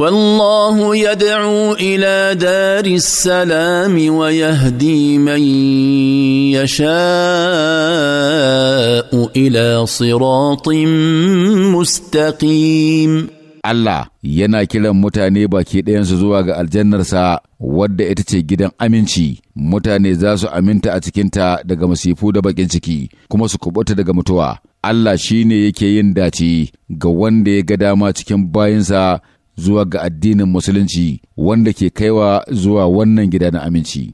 والله يدعو الى دار السلام ويهدي من يشاء الى صراط مستقيم Allah yana kiran mutane baki ɗayansu zuwa ga aljannarsa wadda ita ce gidan aminci, mutane za su aminta a cikinta daga masifu da bakin ciki, kuma su kubuta daga mutuwa. Allah shi ne yake yin dace ga wanda ya ga dama cikin bayansa. zuwa ga addinin musulunci wanda ke kaiwa zuwa wannan gida na aminci.